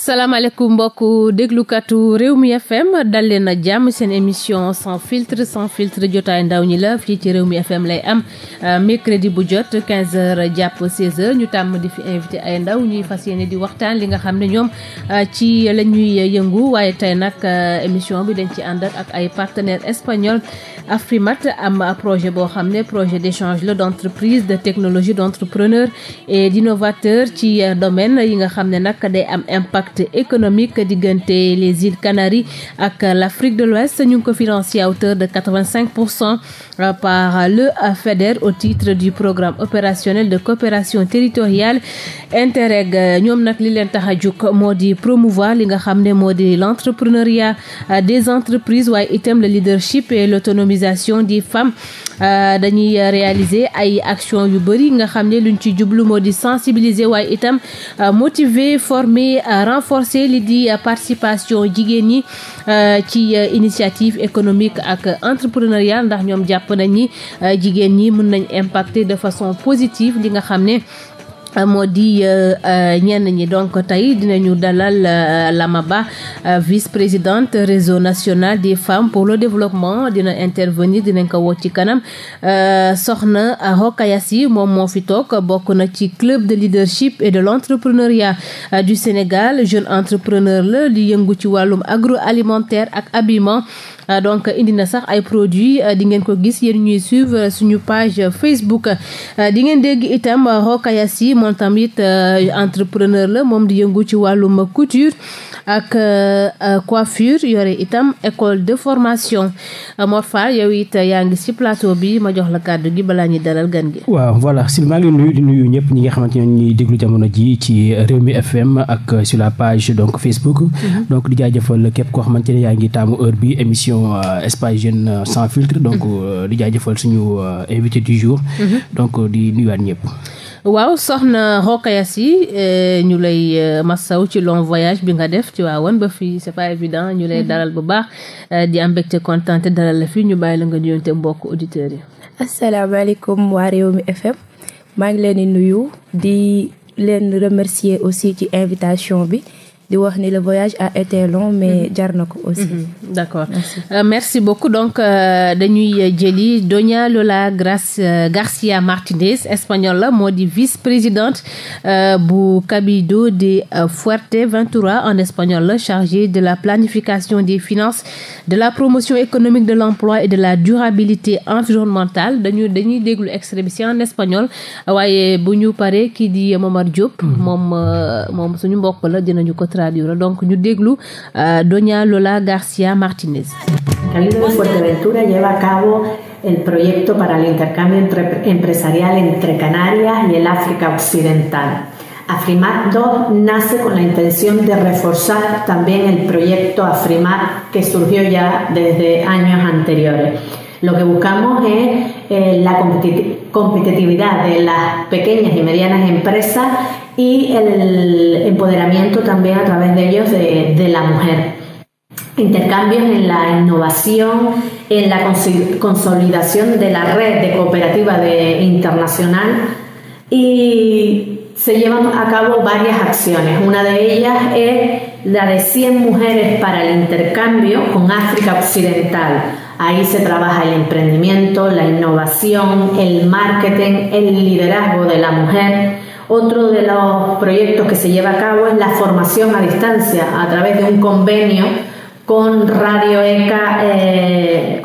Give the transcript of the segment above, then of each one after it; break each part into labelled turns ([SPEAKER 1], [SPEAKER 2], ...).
[SPEAKER 1] salaamaaleykum mbokku déglukatu réew mi fm dal leen a jàmm seen émission cent filtre sans filtre jotaay ndaw ñi la fii ci réew mi fm lay am euh, mercredi bu jot 15 jàpp 16 heures ñu tàmm di fi invité ay ndaw ñuy fas yéene di waxtaan li nga xam ne ñoom euh, ci la ñuy yëngu waaye tey nag euh, émission bi dañ ci ànd ak ay partenaires espagnols Afrimat am projet boo xam ne projet d'échange la d'entreprise de technologie d'entrepreneur et d'innovateur ci domaine yi nga xam ne nag day am impact impact économique diggante les îles Canaries ak l'Afrique de l'Ouest ñu ngi ko financé à hauteur de 85 pour cent par le FEDER au titre du programme opérationnel de coopération territoriale Interreg ñoom nag li leen tax a jóg moo di promouvoir li nga xam ne moo di l'entrepreneuriat des entreprises waaye itam le leadership et l'autonomisation des femmes dañuy réaliser ay actions yu bëri nga xam ne luñ ci jublu moo di sensibiliser waaye itam motiver former renforcer li di participation jigéen ñi Euh, ci euh, initiative économique ak entrepreneuriat ndax ñoom jàpp nañ ni euh, jigéen ñi mën nañ impacter de façon positive li nga xam ne Euh, moo di euh, euh, ñenn ñi donc tey dinañu dalal Lama Ba vice-présidente réseau national des femmes pour le développement dina intervenir dinañ ko woo ci kanam soxna Rokhaya Sy moom moo fi toog bokk na ci club de leadership et de l'entrepreneuriat du Sénégal jeune entrepreneur la di yëngu ci wàllum agro agroalimentaire ak habillement Euh, donc indi na sax ay produits euh, di ngeen ko gis yéen ñuy suivre euh, suñu page Facebook di ngeen dégg itam Rokhaya Sy moom tamit entrepreneur la moom di yëngu ci wàllum couture ak coiffure yore itam école de formation Mor Fall yow it yaa ngi ci plateau bi ma jox la kàddu gi balaa ñuy dalal gan gi. waaw voilà
[SPEAKER 2] Sylvie maa ngi nuyu nuyu ñëpp ñi nga xamante ne ñuy déglu jamono ji ci réew mi FM ak sur la page donc Facebook. Mm-hmm. donc di jaajëfal képp koo xamante ne yaa ngi taamu heure bi émission. émission euh, espace jeune euh, sans filtre donc euh, di jaajëfal suñu invité du jour mhm. donc di nuyuwaat
[SPEAKER 1] ñëpp waaw soxna Rokhaya Sy ñu lay massaw ci long voyage bi nga def ci waawoon ba fii c'est pas évident ñu lay mhm. dalal bu baax di am mbégte kontaan te dalal la fii ñu bàyyi la nga nuyoonte mbokk auditeur yi asalaamaaleykum waa Rewmi FM
[SPEAKER 3] maa ngi leen di nuyu di leen remercier aussi ci invitation bi
[SPEAKER 1] di wax ni le voyage a été long mais mhm. jar na ko aussi. Mhm. d' accord merci, euh, merci beaucoup donc euh, dañuy jëli Doña Lola euh, Garcia Martinez espagnol la moo di vice présidente euh, bu Cabildo de Fuerteventura en espagnol la chargée de la planification des finances de la promotion économique de l' emploi et de la durabilité environnementale dañuy déglu extrait bi si en espagnol waaye bu ñu paree kii di Momar Diop. Mhm. moom moom suñu mbokk la dinañu ko. traduire donc ñu déglu euh, Doña Lola García Martínez.
[SPEAKER 4] lleva a cabo el proyecto para el intercambio empresarial entre Canarias y el África Occidental. AFRIMAT nace con la intención de reforzar también el proyecto AFRIMAT que surgió ya desde años anteriores. Lo que buscamos es eh, la competitividad de las pequeñas y medianas empresas y el empoderamiento también a través de ellos de, la mujer. Intercambios en la innovación, en la consolidación de la red de cooperativa internacional y se llevan a cabo varias acciones. Una de ellas es la de 100 mujeres para el intercambio con África Occidental. Ahí se trabaja el emprendimiento, la innovación, el marketing, el liderazgo de la mujer Otro de los proyectos que se lleva a cabo es la formación a distancia a través de un convenio con Radio eh,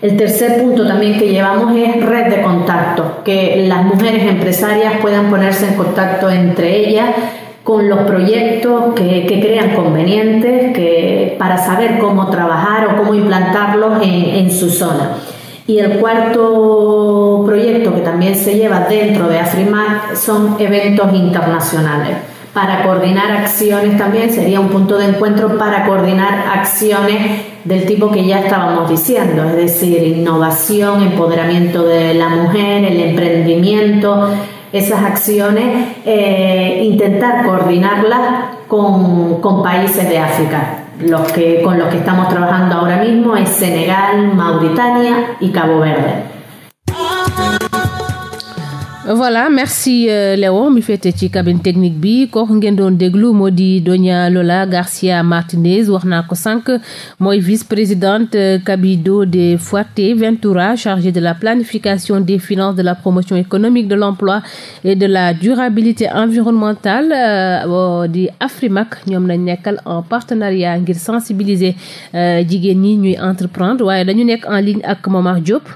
[SPEAKER 4] El tercer punto también que llevamos es red de contactos, que las mujeres empresarias puedan ponerse en contacto entre ellas con los proyectos que, crean convenientes para saber cómo trabajar o cómo implantarlos en su zona. Y el cuarto proyecto que también se lleva dentro de AFRIMAC son eventos internacionales. Para coordinar acciones también sería un punto de encuentro para coordinar acciones del tipo que ya estábamos diciendo, es decir, innovación, empoderamiento de la mujer, el emprendimiento, esas acciones, eh, intentar coordinarlas con, países de África. con los que estamos trabajando ahora mismo es Senegal, Mauritania y Cabo Verde.
[SPEAKER 1] voilà merci euh, Léon mi féete ci cabine technique bi kooku ngeen doon déglu moo di Doña Lola Garcia Martinez wax naa ko sànq mooy vice-présidente euh, Cabildo de Fuerteventura chargée de la planification des finances de la promotion économique de l'emploi et de la durabilité environnementale euh, di Afrimac ñoom nañ nekkal en partenariat ngir sensibiliser jigéen ñi ñuy entreprendre waaye dañu nekk en ligne ak Momar Diop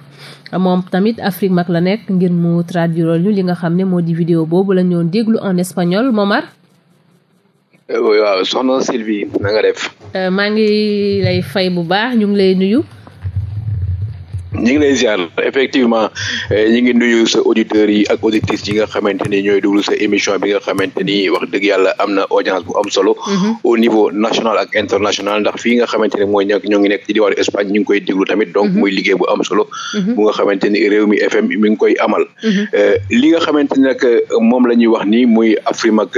[SPEAKER 1] moom tamit Afrique Mag la nekk ngir mu traduire ñu li nga xam ne moo di vidéo boobu la ñoon déglu en espagnol Momar
[SPEAKER 5] euh, waaw soxna Sylvie na def
[SPEAKER 1] euh, maa ngi lay fay bu baax ñu ngi lay nuyu
[SPEAKER 5] ñu ngi lay ziar effectivement eh, ñu ngi nuyu sa auditeurs yi ak auditrices yi nga xamante ni ñooy déglu sa émission bi nga xamante ni wax dëgg yàlla am na audience bu am solo. Mm-hmm. au niveau national ak international ndax fii nga xamante ne mooy ñoo ngi nekk ci diwaanu Espagne ñu ngi koy déglu tamit donc mm-hmm. muy liggéey bu am solo. Mm-hmm. bu nga xamante ni réew mi FM mi ngi koy amal. Eh, li nga xamante ni nag eh, moom la ñuy wax ni muy Afrimac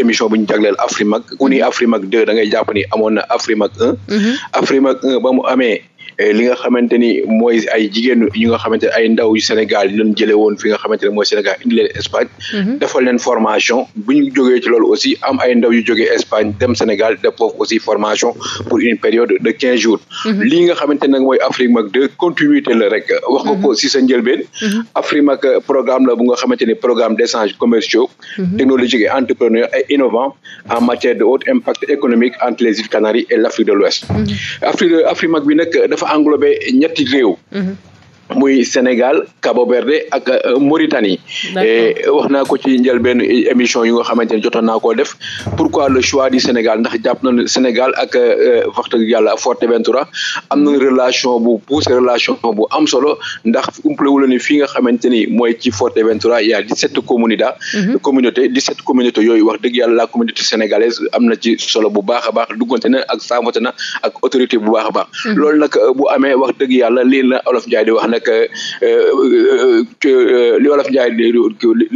[SPEAKER 5] émission bu ñu jagleel Afrimac ku ni Afrimac 2 da ngay jàpp ni amoon na Afrimac 1. Afrimac 1 ba mu amee. Eh, li nga xamante ni mooy ay jigéen ñi nga xamante ne ay ndaw yu Sénégal yi leen jëlee woon fi nga xamante ne mooy Sénégal indi leen Espagne mhm. defal leen formation bu ñu jógee ci loolu aussi am ay ndaw yu jógee Espagne dem Sénégal def foofu aussi formation pour une période de quinze jours mhm. lii nga xamante ne nag mooy Afrimak 2 continuité rek wax ko mhm. si sa njëlbeen Afrimak programme la bu nga xamante programme d'échange commerciaux technologiques et entrepreneurs et en matière dafa englobé ñetti réew. Mm-hmm. muy Sénégal Cabo Verde ak euh, Mauritanie. Euh, wax naa ko ci njëlbeen émission yu nga xamante ne jotoon naa koo def pourquoi le choix du Sénégal ndax jàpp na ne Sénégal ak euh, wax dëgg yàlla Forteventura am na relation bu poussé relation bu am solo ndax umpale wu fii nga xamante ni mooy ci Forteventura y a 17 set mhm. communauté 17 communautés yooyu wax dëgg yàlla la communauté sénégalaise am na ci solo bu baax a baax duggante ak saamate na ak autorité bu baax a baax. Mhm. loolu bu amee wax dëgg yàlla lii nag euh, euh, euh, li wolof njaay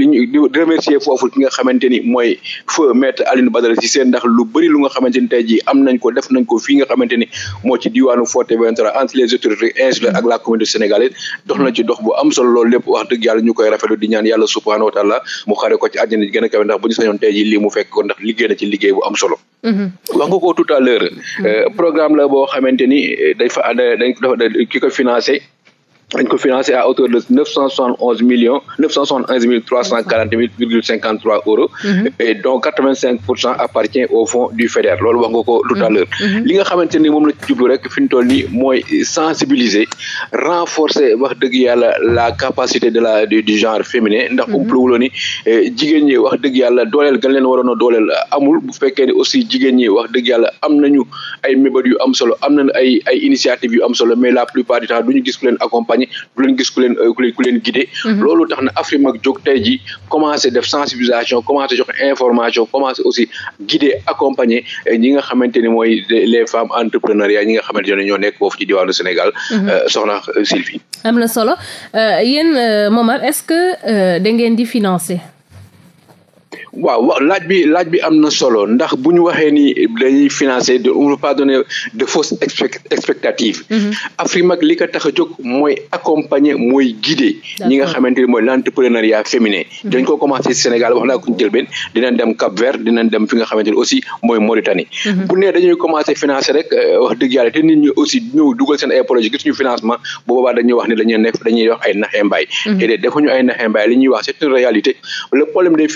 [SPEAKER 5] liñu di remercier foofu ki nga xamante ni mooy feu maître Alioune Badara Cissé ndax lu bëri lu nga xamante ni tey ji am nañ ko def nañ ko fii nga xamante ni moo ci diwaanu Fuerteventura entre les autorités insulaires ak la communauté sénégalaise dox na ci dox bu am solo loolu lépp wax dëgg yàlla ñu koy rafetlu di ñaan yàlla subhaanahu wa mu xare ko ci àjjana gën a kawe ndax bu ñu sañoon tey ji lii mu fekk ko ndax liggéey na ci liggéey bu am solo mm-hmm. wax nga tout à mm-hmm. ni dañ fa dañ dañ ko financé à hauteur de neuf cent soixante onze millions neuf cent onze mille trois cent quarante mille virgule cinquante trois euros mhm. et donc quatre vingt cinq pour cent appartient au fonds du FEDER loolu wax nga ko tout à mhm. l'heure mhm. li nga xamante ni moom la ci jublu rek fi ñu toll nii renforcer wax dëgg yàlla la capacité de la du genre féminin ndax umpluwuloo ni eh, jigéen ñi wax dëgg yàlla dooleel gan leen waroon a dooleel amul bu fekkee ni aussi jigéen la plupart du temps duñu gis accompagner du leen gis ku leen ku leen guider. Mhm. loolu tax na Afrimag jóg tey ji commencé def sensibilisation commencé jox information aussi guider accompagner eh, ñi nga xamante ni mooy les femmes entrepreneuriat ñi nga xamante ne ñoo nekk foofu ci diwaanu Sénégal. Mhm. Euh, soxna euh, Sylvie.
[SPEAKER 1] am na solo euh, yéen Momar est-ce que da ngeen di financer.
[SPEAKER 5] waaw waaw laaj bi laaj bi am na solo ndax bu ñu waxee ni dañuy financer on ne peut pas donner de fausses expectatives. Mhm. Afrimak li ko tax a jóg mooy accompagner mooy guider. ñi nga xamante ni mooy l'entrepreneuriat féminin. Mhm. dañ ko commencé Sénégal wax naa ko njëlbeen dinañ dem Cap Vert dinañ dem fi nga xamante ni aussi mooy Mauritanie. Mhm. bu nee dañuy commencé financer rek euh, wax dëgg yàlla te nit ñi aussi ñëw dugal seen ay projet gis ñu financement bu boobaa dañuy wax ne dañuy nekk dañuy wax ay naxembaay. te de defuñu ay li ñuy wax c'est une réalité le problème des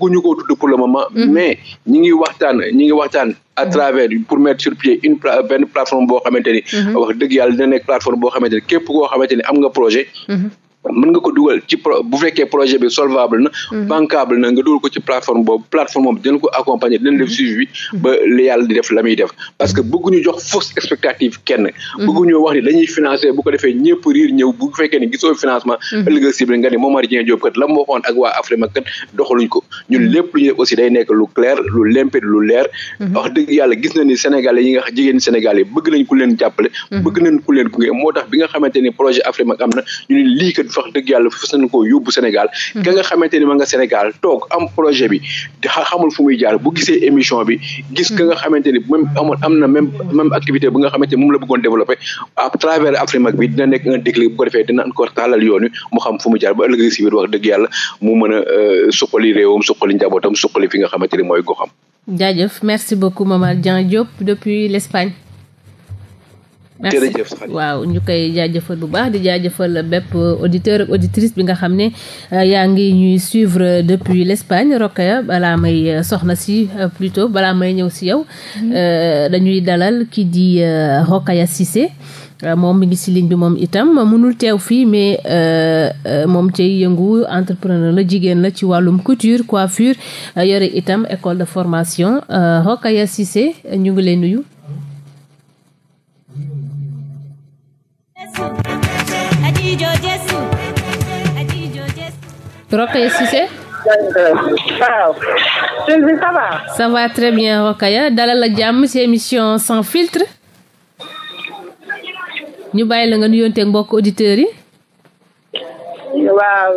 [SPEAKER 5] bëgguñu koo tudd pour le moment. Mhm. mais ñi ngi waxtaan a ngi waxtaan mhm. travers pour mettre sur pied une benn plateforme boo xamante ni. Mhm. wax dëgg yàlla dina nekk plateforme boo xamante ni képp koo xamante ni am nga projet. mën nga ko dugal ci bu fekkee projet bi solvable na. Mhm. bancable na nga dugal ko ci plateforme boobu plateforme boobu mhm. mhm. dañuy financer bu ko defee ñëpp riir ñëw bu fekkee ni gisoo financement. ëllëg a ciblé nga ne Momar Dieng Diop kat la mu waxoon ak waa Afrima kat doxaluñ ko ñun lépp lu ñu def aussi day nekk lu clair lu limpide lu leer. wax dëgg yàlla gis na ni Sénégalais yi nga xam jigéen Sénégal yi bëgg nañ ku leen jàppale. bëgg nañ ku leen gunge moo wax dëgg yàlla fas nañu koo yóbbu Sénégal mhm. ka nga xamante ma nga Sénégal toog am projet bi xamul fu muy jaar bu gisee émission bi gis ka nga mhm. xamante ni même amoon nga xamante la bëggoon développer bu ko defee dina encore taalal yoon wi mu xam fu mu jaar ba ëllëg si wax dëgg yàlla mu mën a euh, suqali réewam suqali njabootam suqali fi nga xamante mooy goxam
[SPEAKER 1] jaajëf merci beaucoup Momar Dieng Diop depuis l'Espagne waaw ñu koy jaajëfal bu baax di jaajëfal bépp auditeur auditrice bi nga xam ne euh, yaa ngi ñuy suivre depuis l'Espagne Rokhaya balaa may euh, soxna si euh, plutôt balaa may ñëw si yow mm-hmm. dañuy dalal kii di Rokhaya Cissé moom mi ngi si ligne bi moom itam mënul teew fii mais moom cay yëngu entrepreneur la jigéen la ci wàllum couture coiffure yore itam école de formation Rokhaya Cissé ñu ngi lay nuyu Rokhaya Cissé. waaw. sëñ va. ça va très bien Rokhaya dalal jàmm ci émission sans filtre. ñu bàyyi la nga nuyonteeg mbokk auditeur yi.
[SPEAKER 6] waaw.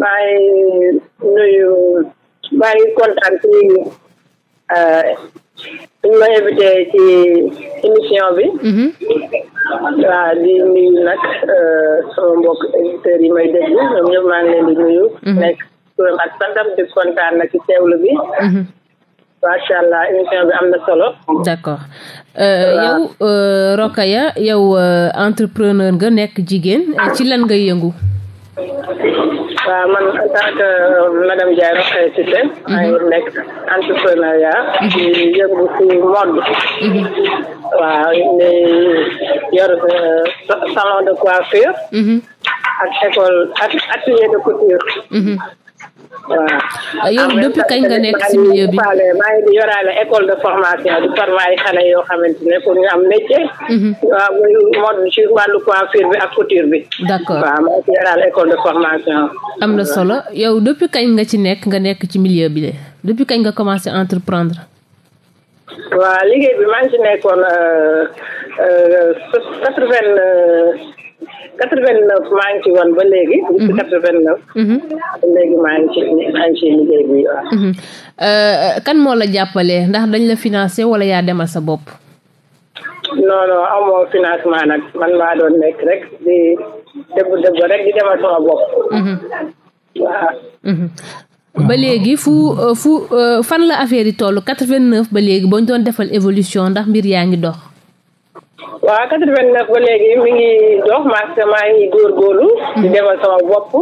[SPEAKER 6] maa ngi nuyu suñu ma invité ci émission bi mhm. waaw di nuyu nag euh, sama mbokk auditeurs yi may déglu ñoom ñëpp maa ngi leen di nuyu mhm. nekk turam ak santam di kontaan nag ci teewlu bi mhm. macha allah émission bi am na solo
[SPEAKER 1] d'accord euh, yow euh, ya yow entrepreneur nga nekk jigéen ci lan nga yëngu
[SPEAKER 6] waaw euh, man en tant que euh, madame Ndiaye Rokhaya Cissé. maa mhm. ngi nekk entrepreneuriat. Mhm. di yëngu ci mode. Mhm. waaw ñu yor euh, salon de coiffure. ak école ak atelier de couture. waaw ah, yow depuis kañ nga nekk ci milieu bi maa ngi di yoraale école de formation di former ay xale yoo xamante ne pour ñu am métier mhm. waaw muy mode ci wàllu coiffure bi ak couture bi d'accord waaw maa ngi di yoraale école de formation am na solo
[SPEAKER 1] yow depuis kañ nga ci nekk nga nekk ci milieu bi de depuis kañ nga commencé entreprendre
[SPEAKER 6] waaw liggéey bi maa ngi ci nekkoon euh, euh, quatre-vingt 89 maa ngi ci woon ba léegi. Mhm. depuis 89. ba mhm. léegi ngi ci mhm. euh, kan moo la
[SPEAKER 1] jàppale ndax dañ la financé wala yaa demal sa bopp.
[SPEAKER 6] non non man maa doon nekk rek
[SPEAKER 1] ba léegi fu fu euh, fan la affaire yi toll 89 ba léegi boo ñu doon defal évolution ndax mbir yaa ngi dox.
[SPEAKER 6] waaw 89 ba léegi mi ngi dox maa ngi góor di demal sama bopp.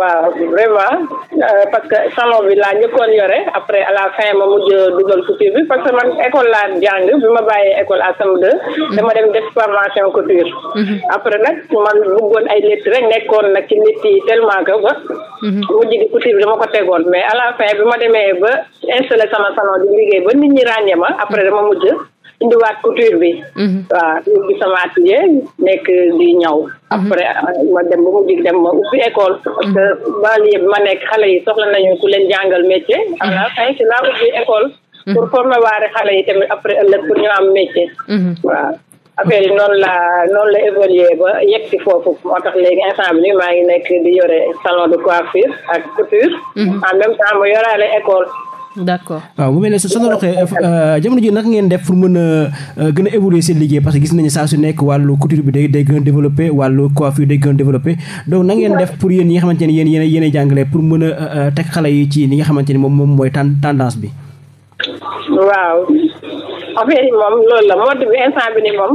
[SPEAKER 6] waaw vraiment euh, parce que salon bi laa njëkkoon yore après à la fin ma mujj dugal couture bi parce que man école laa jàng bi ma bàyyee école à Sam 2 mhm. dama dem def formation couture. Mhm. après nag man bëggoon ay létt rek nekkoon nag ci létt yi tellement que ba. Mhm. mujj gi couture bi dama ko tegoon mais à la fin bi ma demee ba installé sama salon di liggéey ba nit ñi ràññee ma après dama mujj. indiwaat couture bi. Mhm. waaw ubbi sama atelier nekk di ñaw. Mhm. après euh, ma dem ba mu jig dem ma ubbi école. parce que mhm. banlieue bi ma nekk xale yi soxla nañu ku leen jàngal métier. a na tey ci laa ubbi école. pour former waare xale yi tamit après ëllëg pour ñu am métier. waaw affaire yi noonu la noonu la évolué ba yegg ci foofu moo tax léegi instant bi nii maa ngi nekk di yore salon de coiffure ak couture. en même temps mu yoraale école. d'accord
[SPEAKER 2] waaw mu mel ne Sonorokh euh, jamono ji naka ngeen def pour mën a euh, gën a évoluer seen liggéey parce que gis nañu saa su nekk wàllu couture bi day day gën a développé wàllu coiffure day na ngeen def pour yéen yi nga xamante ne yéen yéen yéen euh, li nga xamante ne moom moom mooy tendance bi
[SPEAKER 6] waaw affaire yi moom loolu la mode bi instant bi ni moom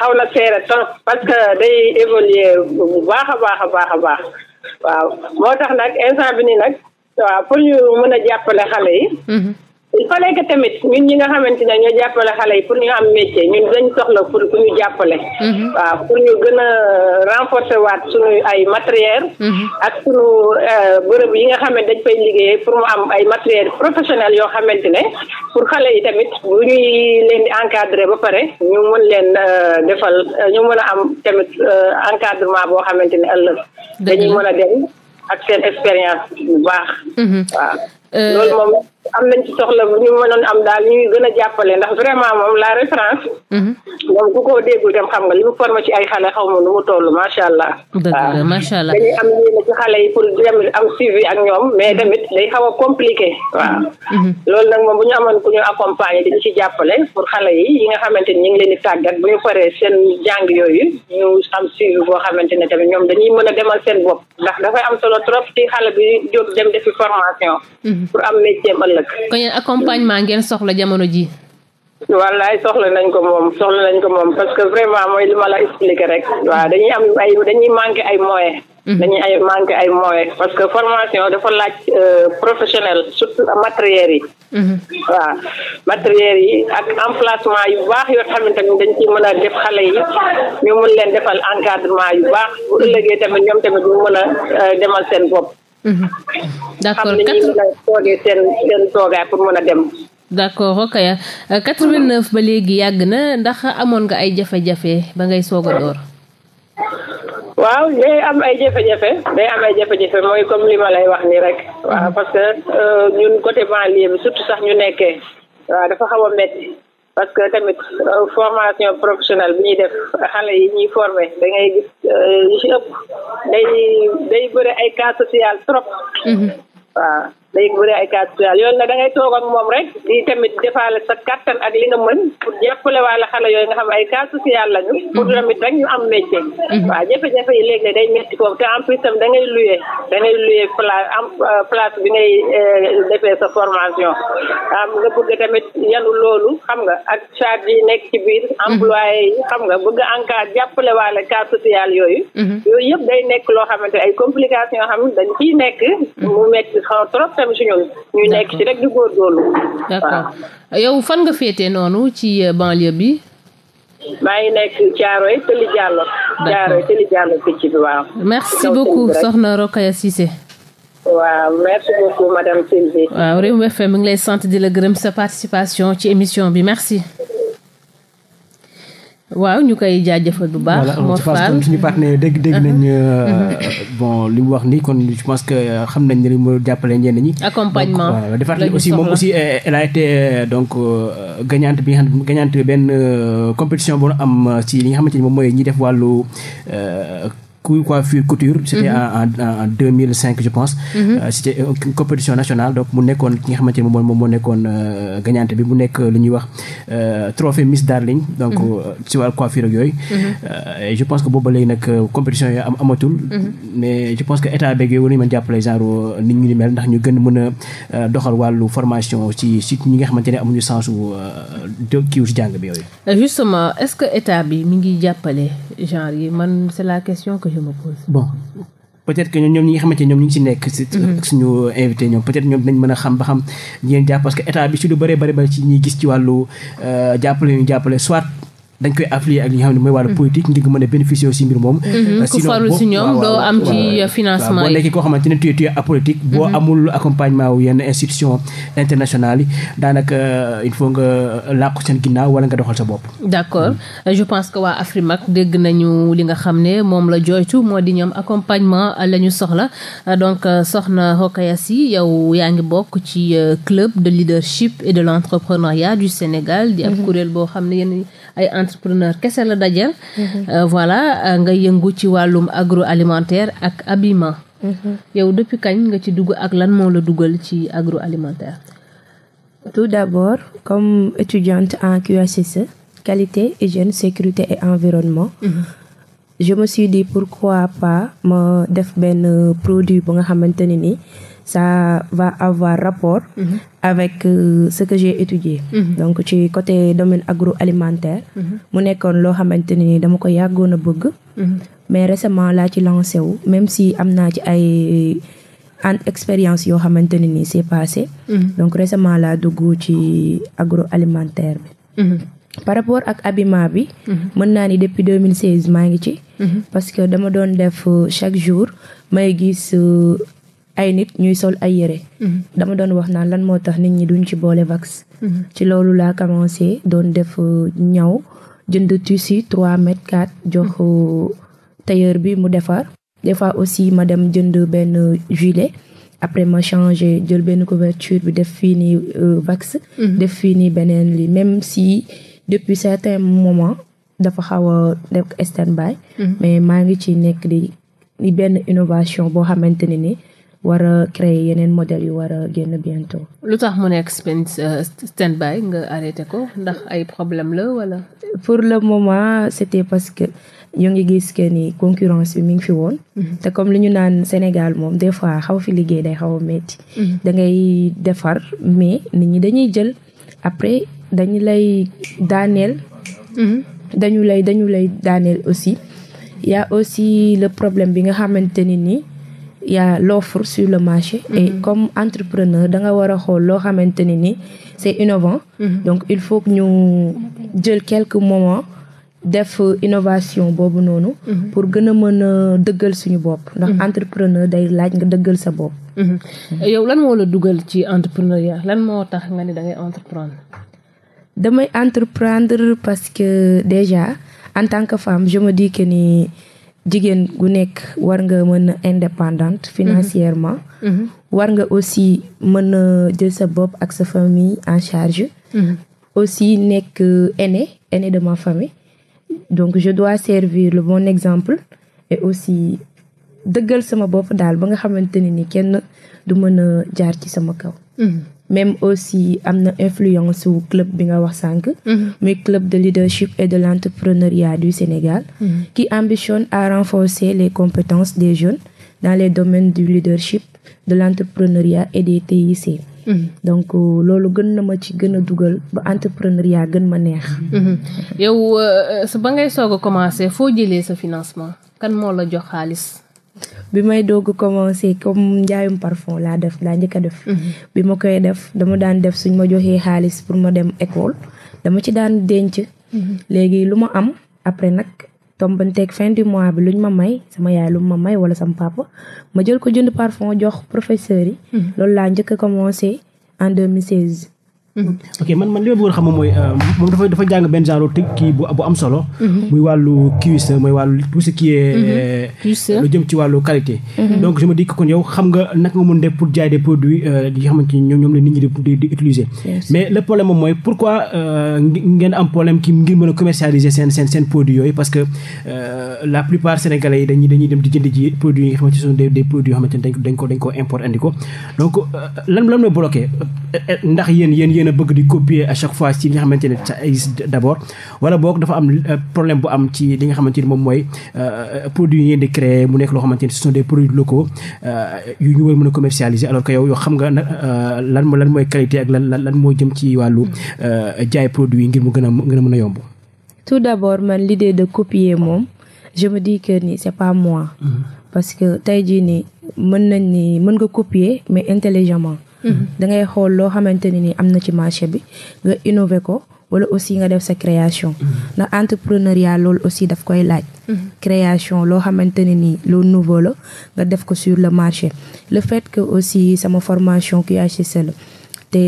[SPEAKER 6] xaw la seere temps parce que day évoluer baax a baax a baax a baax waaw moo tax nag instant bi ni nag waaw pour ñu mën a jàppale xale yi. Mhm. il fallait que tamit ñun ñi nga xamante ne ñoo jàppale xale yi pour ñu am métier ñun dañ soxla pour ñu jàppale. Mhm. waaw pour ñu gën a renforcer waat suñu ay matériel mhm. ak suñu euh, bërëb yi nga xamante dañ fay liggéeye pour mu am ay matériel professionnel yoo xamante ne pour xale yi tamit bu ñuy leen di encadrer ba pare ñu mën leen euh, defal ñu mën a am tamit euh, encadrement boo xamante ne ëllëg dañuy mën a dem. ak seen expérience bu baax. Mhm. waaw euh, loolu moom am nañ ci soxla bu ñu mënoon am daal ñuy gën a jàppale ndax vraiment moom la référence. moom ku ko déggul dem xam nga li mu formé ci ay xale xaw ma nu toll macha allah.
[SPEAKER 7] macha allah am
[SPEAKER 6] xale yi pour dem am suivi ak ñoom mais mhm. tamit day xaw a compliqué waaw. Mhm. loolu nag moom bu ñu amoon ku ñu accompagner dañu ci jàppale pour xale yi yi nga xamante ni ñu ngi leen di tàggat bu ñu paree seen jàng yooyu ñu am suivi boo xamante ne tamit ñoom dañuy mën a demal seen bopp ndax dafay am solo trop ci xale bi jóg dem defi formation. Mhm. pour am métier ëllëg. kon
[SPEAKER 1] yéen accompagnement ngeen soxla jamono ji.
[SPEAKER 6] wallaay soxla nañ ko moom soxla nañ ko moom parce que vraiment mooy li ma la expliqué rek waaw dañuy am dañuy manqué ay moyens. Mhm. dañuy ay manqué ay moyens parce que formation dafa laaj euh, professionnel surtout matériels yi. Mhm. waaw matériels yi ak emplacement yu baax yoo xamante ni dañ ci mën a def xale yi ñu mun leen defal encadrement yu baax bu ëllëgee tamit ñoom tamit ñu mën a euh, demal seen bopp. Mhm. d'accord pour mën a dem.
[SPEAKER 1] d'accord Rokhaya euh, 89 ba léegi yàgg na ndax amoon nga ay jafe-jafe ba ngay soog a door.
[SPEAKER 6] waaw day am ay jafe-jafe day am ay jafe-jafe mooy comme li ma lay wax nii rek. waaw mhm. parce que euh, ñun côté banlieue bi surtout sax ñu nekkee waaw dafa xaw metti parce que tamit euh, formation professionnelle bi ñuy def xale yi ñuy formé da ngay gis yi euh, ci ëpp day day bëri ay cas sociale trop mhm. waaw day bëri ay cas social yoon nag da ngay toog ak moom rek di tamit defaale sa kattan ak li nga mën pour jàppale xale yooyu nga xam ay cas social lañu. Mhm. pour tamit rek ñu am métier. Mhm. waaw jafe-jafe tam da ngay loué da ngay loué euh, place am bi ngay euh, defee sa formation am nga bëgg tamit yanu loolu xam nga ak charge yi nekk ci biir. Mhm. employé yi xam nga bëgg encore jàppale waale cas social yooyu. yooyu yëpp day nekk loo xamante ay complications xam dañ ciy nekk. mu métti xaw trop tamit si ñun ñu nekk ci rek di góorgóorlu. d'accord
[SPEAKER 1] yow fan nga féete noonu ci euh, banlieue bi.
[SPEAKER 6] maa ngi nekk Thiaroye Tëli Diallo. Thiaroye Tëli Diallo picc bi waaw.
[SPEAKER 1] merci beaucoup soxna Rokhaya Cissé.
[SPEAKER 6] waaw merci beaucoup madame Sylvie. waaw
[SPEAKER 1] Rewmi FM mi ngi lay sant di la gërëm sa participation ci émission bi merci. waaw ñu koy jaajëfal bu baax. voilà Mor Fall suñu
[SPEAKER 2] partenaire dégg dégg uh-huh. nañu uh-huh. Euh, bon li mu wax nii kon je pense que euh, xam nañ ne li mu jàppale ñenn ñi. accompagnement la defaat aussi moom aussi euh, elle a été donc bi nga xam gagnante benn compétition bu am ci li nga xamante ni moom mooy ñi def wàllu. coiffure couture c'était mhm. en en 2005 je pense mhm. euh, c'était une compétition nationale donc mu nekkoon ki nga xamante ne moom moom moo nekkoon euh, gagnante bi mu nekk euh, lu ñuy wax trophée Miss Darling donc mhm. ci wàllu coiffure yooyu je pense que booba léegi nag compétition yooyu am amatul ñu ni mel ndax ñu gën mën doxal wàllu formation ci ci ñi nga xamante ne amuñu sensu kiiwu si jàng bi yooyu
[SPEAKER 1] justement est-ce que état bi mi ngi jàppale genre yi man c'est la question que je
[SPEAKER 2] me ñoom ñi nga xamante ne ñoom ñu ngi si nekk. si mm-hmm. suñu invité ñoom peut ñoom dinañ mën a xam ba xam yéen jàpp parce que état bi si lu bëree bëri bëri ci ñuy gis ci wàllu euh, jàppale ñu jàppale soit. dañ koy affilier ak li xam ne mooy a bénéficier aussi mbir moom
[SPEAKER 1] mhm. euh, ku farul si ñoom doo am financement boo
[SPEAKER 2] koo xamante ne tu es boo mhm. amul accompagnement wu yenn institution internationale yi daanaka euh, il faut nga euh, làqu seen ginnaaw wala nga doxal sa bopp
[SPEAKER 1] d'accord mhm. je pense que waa Afrimat dégg nañu li nga xam ne moom la jooytu moo di ñoom accompagnement la ñu soxla donc soxna Rokayassi yow yaa ngi bokk ci club de leadership et de l'entrepreneuriat du Sénégal di ab kuréel boo xam ne yéen ay entrepreneur kese la dajeel
[SPEAKER 7] euh,
[SPEAKER 1] voilà euh, nga yëngu ci wàllum agro alimentaire ak habillement yow depuis kañ nga ci dugg ak lan moo la dugal ci agro agroalimentaire tout
[SPEAKER 3] abord comme étudiante en QHSE qualité hygiène sécurité et environnement je me suis dit pourquoi pas ma def benn produit bu nga xamante ne ni ça va avoir rapport mm -hmm. avec euh, ce que j'ai étudié mm-hmm. donc ci côté domaine agroalimentaire mm-hmm. mu nekkoon loo xamante ni dama ko yàggoon a bëgg mm-hmm. mais récemment laa ci lancé wu même si am naa ci ay en euh, expérience yoo xamante ne ni c'est passé donc récemment laa dugg ci alimentaire bi par rapport ak abima bi mën naa ni depuis 2016 maa ngi ci parce que dama doon def euh, chaque jour may gis ay nit ñuy sol ay yére mhm. dama doon wax naan lan moo tax nit ñi duñ ci boole vax mhm. ci loolu laa commencé doon def euh, ñaw jënd tissu trois mètres quatre jox mhm. euh, tailleur bi mu defar des aussi ma dem jënd benn gilet après ma changé jël benn couverture bi def fii nii euh, vax def fii nii beneen li même si depuis certain moment dafa xaw a def mais maa ngi ci nekk di benn innovation boo xamante ne ni war a créer yeneen modèle yu war a génn bientôt.
[SPEAKER 1] lu tax mu nekk euh, stand by nga arrêté ko ndax ay problème la wala.
[SPEAKER 3] pour le moment c' était parce que ñu ngi gis que ni concurrence bi mi ngi fi woon. Mhm. te comme li ñu naan Sénégal moom des fois xaw fi liggéey day xaw a métti. Mhm. da ngay defar mais nit ñi dañuy jël après dañu lay daaneel. Mhm. dañu lay dañu lay daaneel aussi. y' aussi le problème bi nga xamante ni nii. y a l'offre sur le marché et mm-hmm. comme entrepreneur da nga war a xool loo xamante ne ni c'est innovant mm-hmm. donc il faut ñu jël quelque moment def innovation boobu noonu mm-hmm. pour gën a mën a dëggal suñu bopp ndax entrepreneur day laaj nga dëggal sa bopp
[SPEAKER 1] yow lan moo la dugal ci entrepreneuriat lan moo tax nga ne da ngay entreprendre
[SPEAKER 3] damay entreprendre parce que déjà en tant que femme je me dis que ni jigéen gu nekk war nga mën a indépendante mhm. financièrement mhm. war nga aussi mën na jël sa bopp ak sa famille en charge mhm. aussi nekk aîné euh, aîné de ma famille donc je dois servir le bon exemple et aussi dëggal sama bopp daal ba nga xamante ne ni kenn du mën a jaar ci sama kaw même aussi am na influence wu club bi nga wax sànq mm-hmm. muy club de leadership et de l'entrepreneuriat du Sénégal mm -hmm. qui ambitionne à renforcer les compétences des jeunes dans les domaines du leadership de l'entrepreneuriat et des TIC mm-hmm. donc euh, loolu gën na ma ci gën a dugal ba entrepreneuriat gën ma neex. Mm-hmm.
[SPEAKER 1] yow euh, euh, sa ba ngay soog a commencer foo jëlee sa financement kan moo la jox xaalis. bi may doog commencé comme
[SPEAKER 3] njaayum parfum laa def laa njëkk a def mhm. bi ma koy def dama daan def suñ ma joxee xaalis pour ma dem école dama ci daan denc mhm. léegi lu ma am après nag tombanteeg fin du mois bi lu luñ ma may sama yaay lu ma may wala sama papa ma jël ko jënd parfum jox professeur yi mhm. loolu laa njëkk a en 2016 Mm-hmm.
[SPEAKER 2] ok man man li ma bëggoon xam moom mooy euh, moom dafa dafa jàng benn genre kii bu am solo. Mm-hmm. muy wàllu cuisse mooy wàllu tout ce qui mm-hmm. euh, jëm ci wàllu qualité. donc je me dis que kon yow xam nga naka nga mën def pour jaay des produits euh, yi nga xamante ni ñoom la nit ñi di di utiliser. mais a commercialiser seen yooyu parce que la dañ ko import indi donc lan lan mooy bloqué ndax yéen yéen ngeen a bëgg di copier à chaque fois ci li nga xamante ne ça existe d' abord wala boog dafa am euh, problème bu am ci li nga xamante moom mooy euh, produit yi di créer mu nekk loo xamante ni euh, a alors que yow yoo xam nga lan mooy qualité ak lan lan moo jëm ci wàllu jaay produit yi ngir mu gën a gën a a yomb
[SPEAKER 3] tout d' man l' idée copier moom je me dis que ni c' pas moi. Mm-hmm. parce que tey jii nii mën nañ ni mën nga copier mais intelligemment. Mhm. da ngay xool loo xamante ne ni am na ci marché bi nga innové ko wala aussi nga def sa création mhm. ndax entrepreneuriat loolu aussi daf koy laaj mhm. création loo xamante ne ni lu nouveau la nga def ko sur le marché le fait que aussi sama formation QHSL te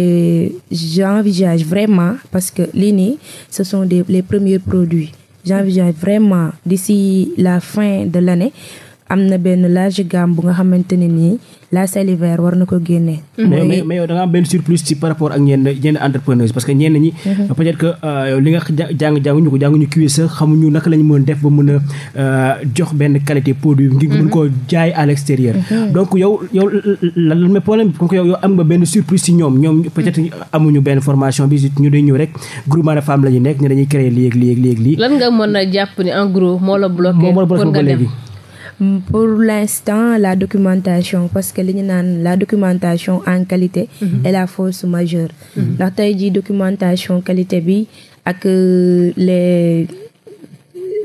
[SPEAKER 3] j'envisage vraiment parce que lii nii ce sont des les premiers produits j'envisage vraiment di si la fin de l'année am na benn large gamme bu nga xamante ne nii la salivaire war na ko génne. Mhm. mais
[SPEAKER 2] mais yow da am benn surplus ci par rapport ak ñenn ñenn entrepreneurs parce que ñenn ñi. Mhm. peut-être que yow euh, li nga jàng jànguñu ko jànguñu cuir sax xamuñu naka la ñu mën def ba mën a euh, jox benn qualité produit ngir mën mhm. koo jaay à l'extérieur. donc yow yow lan la problème bi yow am nga benn surplus ci ñoom ñoom peut-être amuñu benn formation bi ñu dee ñëw rek groupement de femmes la ñu nekk ñu dañuy créer lii ak lii ak lii ak lii.
[SPEAKER 3] lan nga
[SPEAKER 1] mën a jàpp ni en gros moo la
[SPEAKER 3] Mm, pour l'instant la documentation parce que li ñu naan la documentation en qualité mhm. est la force majeure mhm. ndax tey jii documentation qualité bi ak euh, les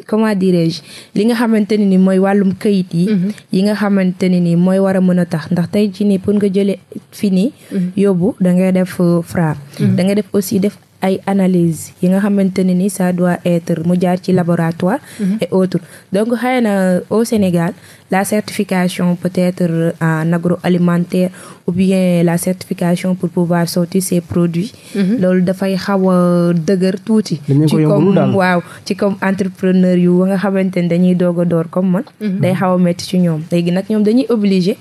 [SPEAKER 3] comment dirais li nga xamante ne ni mooy wàllum këyit yi mhm. yi nga xamante ne ni mooy war a mën a tax ndax tey jii nii pour nga jëlee fii nii yóbbu da ngay def euh, fra da ngay def aussi def ay analyse yi nga xamante ne ni ça doit être mu jaar ci laboratoire mhm. et autres donc xëy na au Sénégal la certification peut-être en alimentaire ou bien la certification pour pouvoir sortir ses produits mhm. loolu dafay xaw a dëgër tuuti ci comme waaw ci comme entrepreneur yu nga xamante ni dañuy doog a door comme man mhm. day xaw a métti ci ñoom léegi nag ñoom dañuy obligé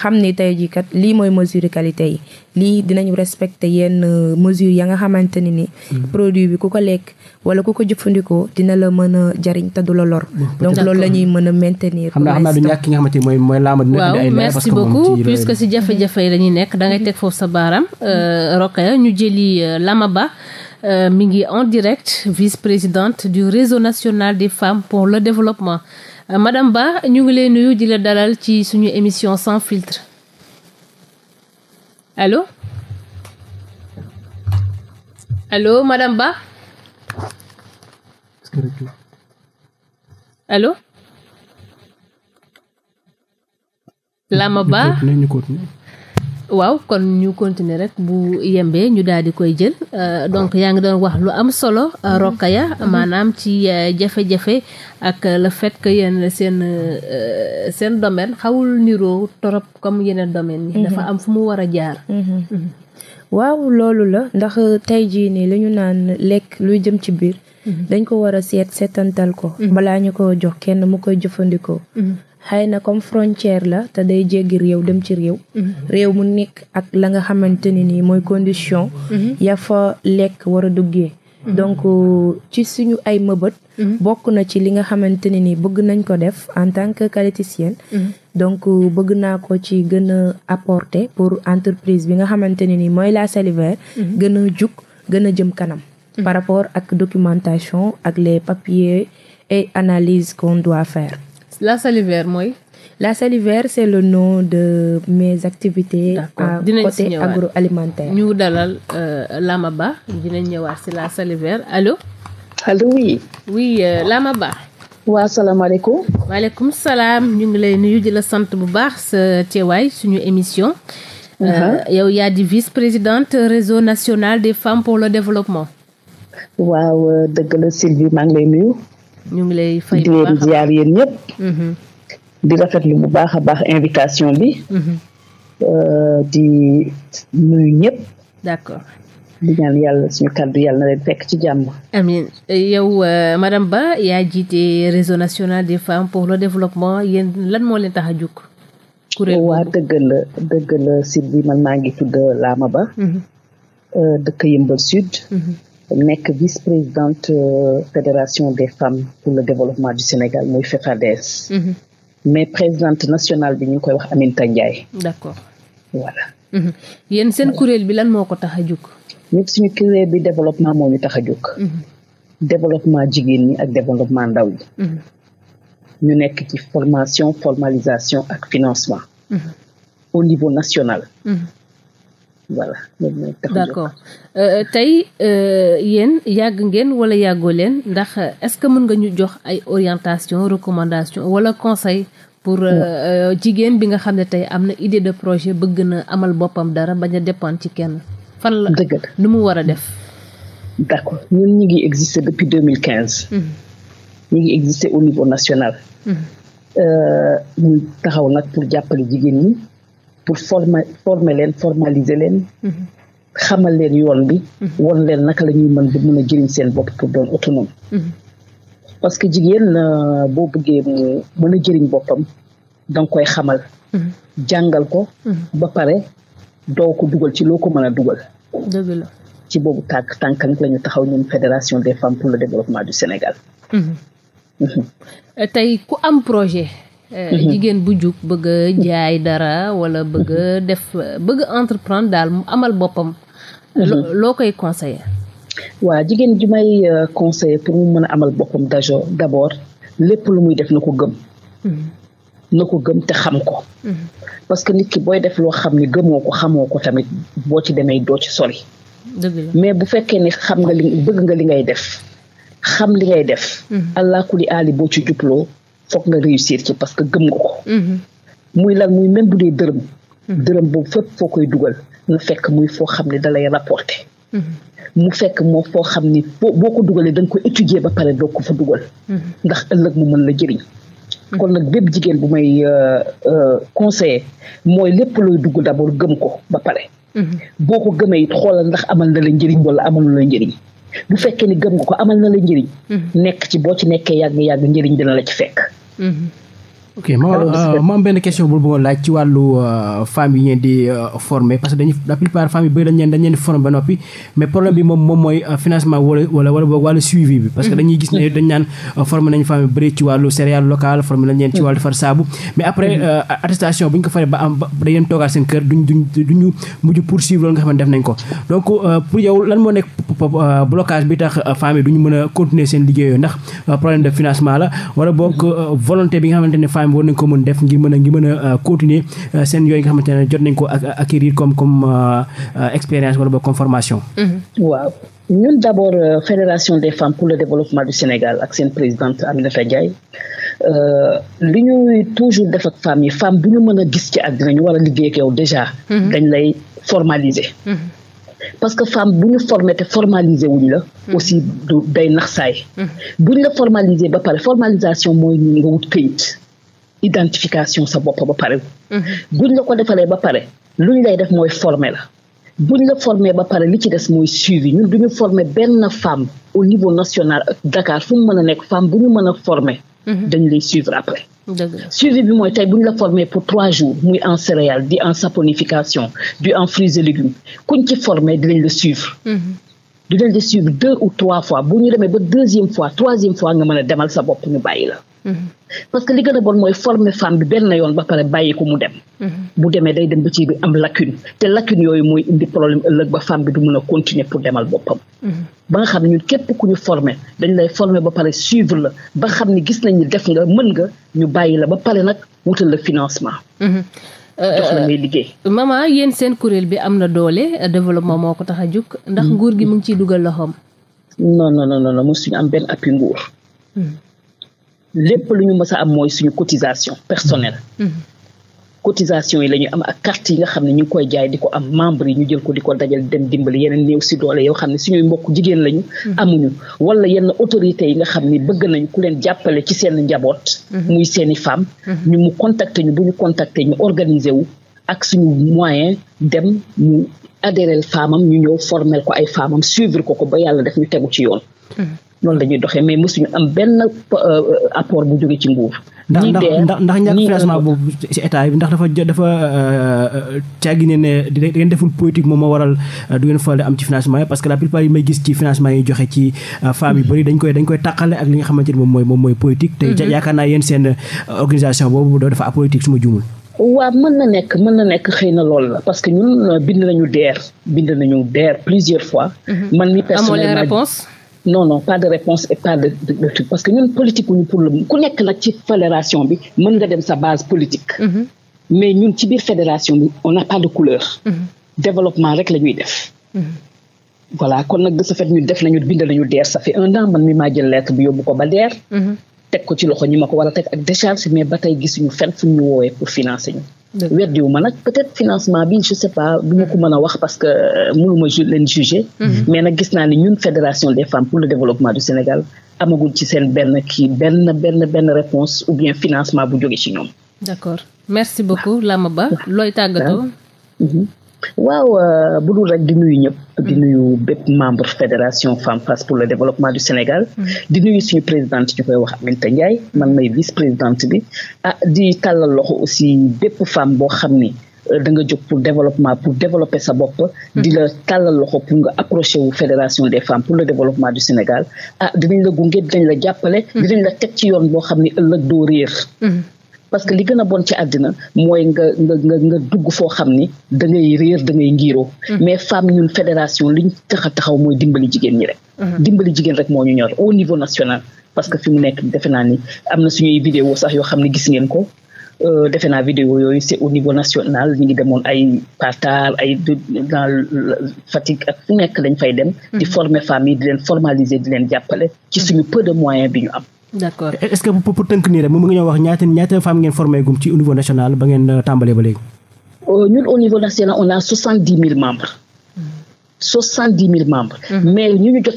[SPEAKER 3] xam ni tey jii kat lii mooy mesure qualité yi lii dinañu respecter yenn euh, mesure ya nga xamante ne ni mm-hmm. produit bi ku ko lekk wala ku ko jëfandikoo dina la mën a jariñ te du la lor donc loolu la ñuy mën a maintenir xam naa xam naa du
[SPEAKER 2] ñàkk nga xamante ni mooy mooy laama dina indi ay leer ci
[SPEAKER 1] jafe-jafe yi ñuy nekk da ngay mm-hmm. teg foofu sa baaraam euh, Rokhaya ñu jëli euh, Lama Ba Euh, mi ngi en direct vice-présidente du réseau national des femmes pour le développement euh, madame Ba ñu ngi lay nuyu di la dalal ci suñu émission sans filtre allo allo madame allo Lama Ba waaw kon ñu continuer rek bu yembee ñu daal di koy jël euh, donc yaa ngi doon wax lu am solo euh, mhm. ya mhm. maanaam ci euh, jafe-jafe ak le fait que yéen seen seen domaine xawul niroo torop comme yeneen domaine yi dafa mhm. am fu mu war a jaar
[SPEAKER 3] waaw loolu la ndax tey jii nii lañu naan lekk luy jëm ci biir dañ ko war a seet seetantal ko balaa ñu ko jox kenn mu koy jëfandikoo xëy na comme frontière la te day jéggi réew dem ci réew mm-hmm. réew mu nekk ak la nga xamante ne nii mooy condition mm-hmm. ya fa lekk war a duggee mm-hmm. donc euh, ci suñu ay mëbët bokk na ci li nga xamante ne nii bëgg nañ ko def en tant que qualiticienne donc euh, bëgg naa ko ci gën a apporter pour entreprise bi nga xamante ne nii mooy la Saliver gën a jug gën a jëm kanam par rapport ak documentation ak les papiers et analyses qu'on
[SPEAKER 1] doit faire la salivaire mooy.
[SPEAKER 3] la salivaire c' est le nom de mes activités. à côté agroalimentaire. ñu
[SPEAKER 1] dalal euh, Lama Ba dinañ ñëwaat si la salivaire alo allo oui. oui euh, Lama Ba. waa salaamaaleykum. waaleykum salaam ñu ngi lay nuyu di la sant bu baax sa teewaay suñu émission. Euh, yow yaa di vice présidente réseau national des femmes pour le développement.
[SPEAKER 8] waaw dëgg la Sylvie maa ngi lay nuyu.
[SPEAKER 1] ñu ngi lay fay bu baax
[SPEAKER 8] di ñëpp. Mm-hmm. di rafetlu bu baax a baax invitation bi. Mm-hmm. Euh, di nuyu ñëpp. d'accord. di ñaan yàlla suñu kàddu yàlla na leen fekk ci jàmm.
[SPEAKER 1] amiin yow euh, madame Ba yaa jiite réseau national des femmes pour le développement yéen lan moo leen tax a jug
[SPEAKER 8] kuréel waa dëgg la dëgg la man maa ngi tudd Lama Ba. Mm-hmm. Euh, dëkk Yëmbal Sud. nekk vice présidente euh, fédération des femmes pour le développement du Sénégal muy FEFADES. Mhm. mais présidente nationale bi ñu ngi koy wax Aminata Ndiaye. d'accord voilà.
[SPEAKER 1] Mhm. yéen seen kuréel bi lan moo ko tax a jóg.
[SPEAKER 8] suñu kuréel bi développement moo ñu tax a jóg. Mhm. développement jigéen ñi ak développement ndaw yi. ñu nekk ci formation formalisation ak financement. au niveau national. voilà. d'accord
[SPEAKER 1] euh, tey euh, yéen yàgg ngeen wala yàggoo leen ndax euh, est-ce que mën nga ñu jox ay orientation recommandation wala conseil pour jigéen bi nga xam ne tey am na idée de projet bëgg na amal boppam dara bañ a dépendre ci kenn fan la dëgg la nu mu war a def
[SPEAKER 8] d'accord ñun ñu ngi existé depuis deux mille quinze mhm. ñu ngi existé au niveau national mhm. ñu taxaw nag pour jàppale jigéen ñi pour forma former leen formaliser leen. Mm-hmm. xamal leen yoon bi. Mm-hmm. won leen naka la ñuy mën di mën a jëriñ seen bopp pour doon autonome. Mm-hmm. parce que jigéen boo bëggee mu mën a jëriñ boppam danga koy xamal. jàngal ko. ba pare doo ko dugal ci loo ko mën a dugal. dëgg la ci boobu tànk tànk nag la taxaw ñun fédération des femmes pour le développement du Sénégal.
[SPEAKER 1] Euh, tey ku am projet Euh, mhm. jigéen bu jug bëgg a mhm. jaay dara wala bëgg def bëgg entreprendre daal mu amal boppam. Mhm. loo koy conseiller.
[SPEAKER 8] waa jigéen ji may euh, conseiller pour mu mën a amal boppam dajo d'abord lépp lu muy def na ko gëm. na ko gëm te xam ko. parce que nit ki booy def loo xam ni gëmoo ko xamoo ko tamit boo ci demee doo ci sori. mais bu fekkee ni xam nga li bëgg nga li ngay def. xam li ngay def. allah kulli aali boo ci jubloo foog nga réussir ci parce que gëm nga ko. Mhm. muy lan muy même bu dee dërëm. Mhm. dërëm boobu fépp foo koy dugal mu fekk muy foo xam ne da lay rapporter. Mhm. mu fekk moo foo xam ni boo ko dugalee da nga ko étudier ba pare doo ko fa dugal. ndax ëllëg mu mën la jëriñ. kon nag bépp jigéen bu may euh, euh, conseiller mooy lépp looy dugg d'abord gëm ko ba pare. boo ko gëmee it xoolal ndax amal na la njëriñ wala amalul la njëriñ. bu fekkee ni ko amal na la njëriñ. nekk ci boo ci nekkee yàgg yàgg njëriñ dina la ci fekk. Mm-hmm.
[SPEAKER 2] ok ma euh, benn question bu bëggoon laaj ci wàllu euh, femmes yi ngeen di euh, parce que bi moom moom mooy financement wala mhm. dañuy gis ne dañ naan former nañu femmes yi bëri ci wàllu céréales locales former nañ leen ci mhm. wàllu defar saabu mais après mhm. attestation bu ñu ko faree ba am dañ leen toogaat seen kër duñ duñ mujj poursuivre loolu nga xam def nañ ko donc pour yow lan moo nekk blocage bi tax femmes yi duñu mën a continuer seen liggéey ndax problème de financement la wala boog volonté bi nga xamante xam ne war nañ ko mën def ngir mën a ngir mën a euh, continuer euh, seen yooyu nga xamante ne jot nañ ko acquérir comme comme euh, expérience wala boog comme formation.
[SPEAKER 8] Mm-hmm. waaw ñun d' abord fédération des femmes pour le développement du Sénégal ak seen présidente Aminata Ndiaye li ñuy toujours def ak femmes yi femme bu ñu mën a gis ci àddina ñu war a liggéey ak déjà. Mm-hmm. dañ lay formaliser. Mm-hmm. parce que femme bu ñu formé te formalisé la. aussi day nax saay. bu ñu la formalisé ba pare formalisation mooy nga wut këyit. identification sa bopp ba pare. Mhm. buñ la ko defalee ba pare lu luñ lay def mooy former la. buñ la formé ba pare li ci des mooy suivi ñun duñu formé benn femme au niveau national ak Dakar fu mën a nekk femme bu ñu mën a formé. Mhm. dañ lay suivre après. suivi bi mooy tey buñ la formé pour trois jours muy en céréales di en saponification di en fruits et légumes kuñ ci formé dinañ la suivre. Mhm. dinañ la suivre deux ou trois fois bu ñu demee ba deuxième fois troisième fois nga mën a demal sa bopp ñu bàyyi la. parce que li gën a bon mooy former femme bi benn yoon ba pare bàyyi ko mu dem. bu demee day dem ba ci bi am lacune te lacune yooyu mooy indi problème ëllëg ba femme bi du mun a continuer pour demal boppam. ba nga xam ne ñun képp ku ñu former dañ lay former ba pare suivre la ba xam ne gis nañ ni def nga mën nga ñu bàyyi la ba pare nag wutal la financement. jox la ngay liggéey.
[SPEAKER 1] maman yéen seen kuréel bi am na doole développement moo ko tax a jóg. ndax nguur gi mu ngi ciy dugal
[SPEAKER 8] loxoom. non non am benn appui nguur. lépp lu ñu mës a am mooy suñu cotisation personnelle. Mm-hmm. Mm-hmm. cotisation yi la ñu am ak carte yi nga xam ne ñu ngi koy jaay di ko am membre yi ñu jël ko di ko dajal dem dimbali yeneen néew si doole yoo xam ne suñu mbokk jigéen lañu. Mm-hmm. amuñu wala yenn autorité yi nga xam ni bëgg nañu ku leen jàppale ci seen njaboot. muy seen i femmes. ñu mu contacter ñu bu ñu contacter ñu organiser wu ak suñu moyen dem ñu adhéré faamam ñu ñëw formel ko ay faamam suivre ko ko ba yàlla def ñu tegu ci yoon. noonu la ñuy doxee mais mosuñu am benn euh, apport bu jóge ci nguur. ñii dee ndax ndax financement
[SPEAKER 2] boobu ci état bi ndax dafa dafa euh, caagi ne di da ngeen deful politique moom moo waral euh, du ngeen faral am ci financement yi parce que la plupart yi may gis ci financement yi joxe ci femmes yu bëri dañ koy dañ koy tàqale ak li nga xamante ni moom mooy moom mooy politique. te mhm. yaakaar naa yéen seen organisation boobu dafa apolitique su ma juumul.
[SPEAKER 8] waaw mën na nekk mën na nekk xëy na loolu la parce que bind nañu DER bind nañu fois. Mhm. non non pas de réponse et pas de de, de parce que ñun politique ñu pour le ku nekk nag ci fédération bi mën nga dem sa base politique. Mm-hmm. mais ñun ci biir fédération bi on n'a pas de couleur. Mm-hmm. développement rek la ñuy def. Mm-hmm. voilà kon nag de ce fait ñu def nañu bind nañu DER sa fait un an man mi maa jël lettre bi yóbbu ko ba DER. teg ko ci loxo ñi ma ko war a teg ak décharge mais ba tey gisuñu fenn fu ñu woowee pour financer ñu. weddiwu ma nag peut-être financement bi je sais pas du ma ko mën a wax parce que euh, mënuma ju leen juger mhm. mais nag gis naa ni ñun fédération des femmes pour le développement du Sénégal amagul ci seen benn kii benn benn benn réponse ou bien financement bu jóge ci ñoom
[SPEAKER 1] d'accord merci beaucoup Lama Ba looy tàggatoo
[SPEAKER 8] mhm. waaw euh, bu dul rek di nuyu ñëpp. di nuyu bépp membre fédération Femmes Face pour le développement du Sénégal. Mm. di nuyu suñu présidente ñu koy wax Aminata Ndiaye man may vice présidente bi ah di tàllal loxo aussi bépp femme boo xam ni. Euh, da nga jóg pour développement pour développer sa bopp. Mm. di la tàllal loxo pour nga approché wu fédération des femmes pour le développement du Sénégal ah dinañ la gunge dañ la jàppale. Mm. dinañ la teg ci yoon boo xam ne ëllëg doo réer. parce que li gën a bon ci àddina mooy nga nga dugg foo xam ni da ngay réer da ngay mm-hmm. mais femme ñun fédération liñ tax taxaw mooy dimbali jigéen ñi rek mm-hmm. dimbali jigéen rek moo ñu ñor au niveau national parce que fi mu nekk defe naa ni am na suñuy vidéo sax yoo xam ne gis ngeen ko euh, defe naa vidéo yooyu c'est au niveau national ñu ngi demoon ay Patar ay dans Fatick ak fu nekk lañ fay dem mm-hmm. di former di leen formaliser di leen jàppale ci suñu peu de moyens bi ñu am
[SPEAKER 2] d'accord est-ce que pour tënk nii rek mu ngi ñoo wax ñaata ñaata femmes ngeen formé gum ci au niveau national ba ngeen euh, tàmbalee ba léegi.
[SPEAKER 8] Euh, ñun a soixante dix mille membres. Mm. Mm.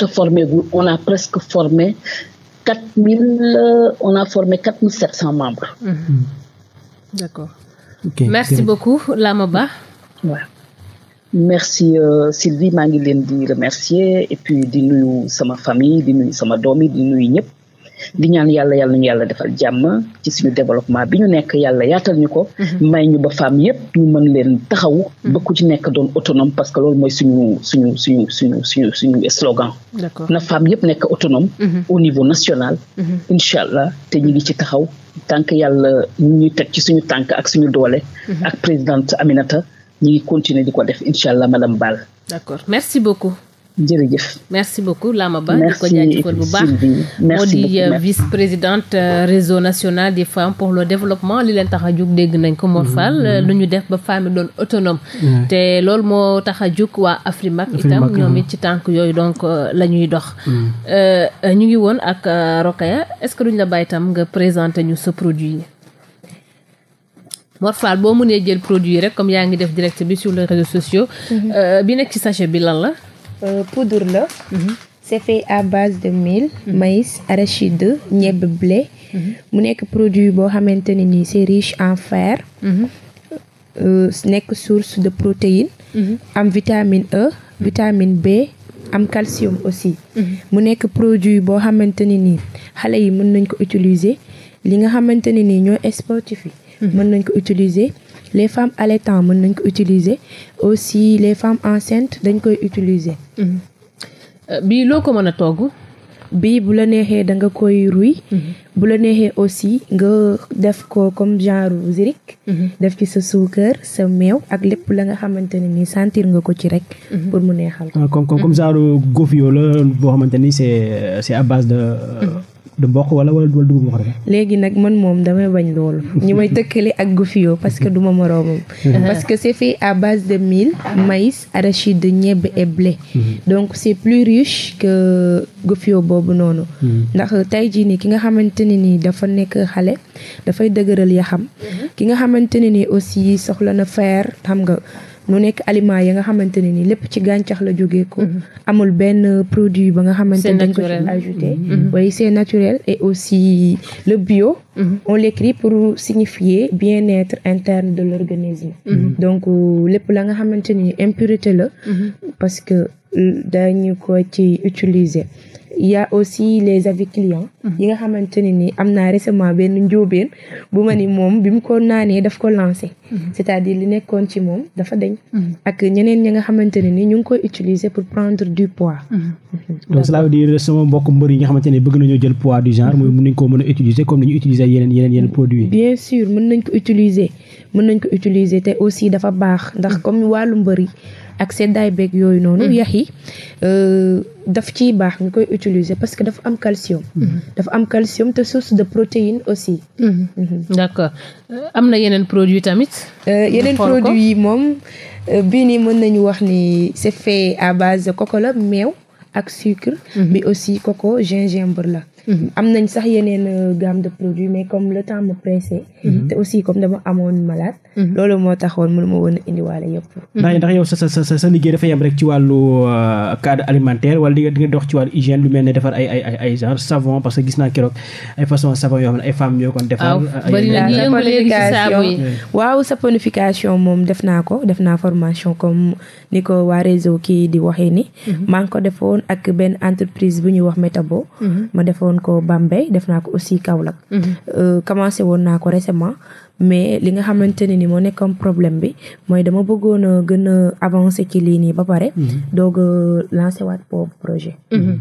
[SPEAKER 8] a formé merci okay. beaucoup
[SPEAKER 1] Ba.
[SPEAKER 8] merci euh, Sylvie maa ngi leen di remercier et puis di nuyu sama famille di nuyu sama doom di nuyu ñëpp. di ñaan yàlla yàlla ñu yàlla defal jàmm ci suñu développement bi ñu nekk yàlla yaatal ñu ko. Mhm. may ñu ba femme yépp ñu mën leen taxaw. Mhm. ba ku ci nekk doon autonome parce que loolu mooy suñu suñu suñu suñu suñu suñu slogan. na femme yépp nekk autonome. Mhm. au niveau national. incha allah te ñu ngi ci taxaw tànk yàlla ñu ñuy teg ci suñu tànk ak suñu doole. ak présidente Aminata ñu continuer di ko def incha allah madame Ball.
[SPEAKER 1] d'accord merci jërëjëf merci beaucoup Lama Ba ko jaajëfal bu baax moo di euh, vice-présidente euh, réseau national des femmes pour le développement li leen tax a jug dégg nañ ko Mor mm-hmm, Fall mm-hmm. lu ñu def ba femme doon autonome te loolu moo tax a jug waa Afrimat itam mm-hmm. ñoom it ci tànk yooyu donc euh, la ñuy dox ñu ngi woon ak Rokhaya est-ce que duñ la bàyyi tam nga présenter ñu sa produit yi Fall boo mënee jël produit rek comme yaa ngi def direct bi sur les réseaux sociaux bi nekk ci sachet bi lan la Euh, poudre la.
[SPEAKER 3] Mhm. c'est fait à base de mil. Mhm. maïs arachide ñebe blé. Mhm. mu nekk produit boo xamante ne nii c'est riche en fer. Euh, nekk source de protéines. am vitamine E. vitamine B am calcium aussi. mu nekk produit boo xamante ne nii xale yi mën nañ ko utiliser li nga xamante ne nii ñooy sportif yi. mën nañ ko utiliser les femmes allaitantes mën nañ ko utiliser aussi les femmes enceintes dañ koy utiliser. Mhm. Euh, bii loo ko mën a togg. bii bu la neexee da nga koy ruy. Mhm. bu la neexee aussi nga def ko comme genre zirik. Mhm. def ci sa suukar sa meew ak lépp la nga xamante ne nii sentir nga ko ci rek. pour mu neexal ko. Ah, comme
[SPEAKER 2] genre gofio la boo xamante ni c'est c'est de. Euh, du mboq wala wala dugub mboq
[SPEAKER 3] léegi nag man moom damay bañ loolu. ñi may tëkkale ak Gofio parce que duma ma moroomam. Uh-huh. parce que c' est à base de mil maïs arachide ñebe et blé. Uh-huh. donc c' est plus riche que Gofio boobu noonu. Uh-huh. ndax tey jii nii ki nga xamante ne nii dafa nekk xale dafay dëgëral ya xam. ki nga xamante ne nii aussi soxla na fer xam nga. mu nekk aliment yi nga xamante ne ni lépp ci gàncax la jógee ko mhm. amul benn produit ba nga xamante ne dañ ko ci ajouté mhm. oui c'est naturel et aussi le bio mhm. on l'écrit pour signifier bien-être interne de l'organisme donc euh, lépp la nga xamante ne ni impurité la parce que euh, dañu ko ci utiliser il y a aussi les avis clients mhm. yi nga xamante ne am naa récemment benn njóobeen bu ma ni moom bi mu ko naanee daf ko lancé mhm. c'est-à-dire li nekkoon ci moom dafa deñ mhm. ak ñeneen ñi nga xamante ne ni ñu ngi koy utiliser pour prendre du poids
[SPEAKER 2] donc cela di dire sama mbokk mbër yi nga xamante ne bëgg nañoo jël poids du genre mooy mën nañ ko mën a utiliser comme ni ñu utiliser yeneen yeneen yeneen produit
[SPEAKER 3] bien sûr mën nañ ko utiliser mën nañ ko utiliser te aussi dafa baax ndax comme ak seddaay beeg yooyu noonu mm-hmm. yax yi euh, daf ciy baax ñu koy utiliser parce que dafa am calcium mm-hmm. dafa am calcium te source de protéine
[SPEAKER 1] aussi mm-hmm. d'accord euh, am na yeneen produit tamit euh, yeneen produit yi moom
[SPEAKER 3] bi ni mën nañu wax ni c'est fait à base de coco la meew ak sucre mais aussi coco gingembre la Mhm. am nañ sax yeneen euh, gamme de produits mais comme le temps me pressé. Mhm. te aussi comme dama amoon malade. Mhm. loolu moo taxoon mënu ma woon a indiwaale yëpp. ndax
[SPEAKER 2] yow sa sa sa sa liggéey dafa yam rek ci wàllu euh, cadre alimentaire wala di nga dox ci wàllu hygiène lu mel ne defar ay ay ay genre savon parce que gis naa keroog ay yoo xam ne ay femmes ñoo kon defar.
[SPEAKER 3] waaw saponification moom def naa ko def naa formation comme ni ko waa réseau kii di waxee ni maa ngi ko defoon ak benn entreprise bu ñuy wax métabo ma defoon defoon ko Bambey def naa ko aussi Kaolack. Mhm. Euh, commencé woon naa ko récemment. mais li nga xamante ne ni moo nekk problème bi mooy dama bëggoon a gën a avancer ci lii nii ba pare. Mhm. doog a lancer waat pour projet. Mhm.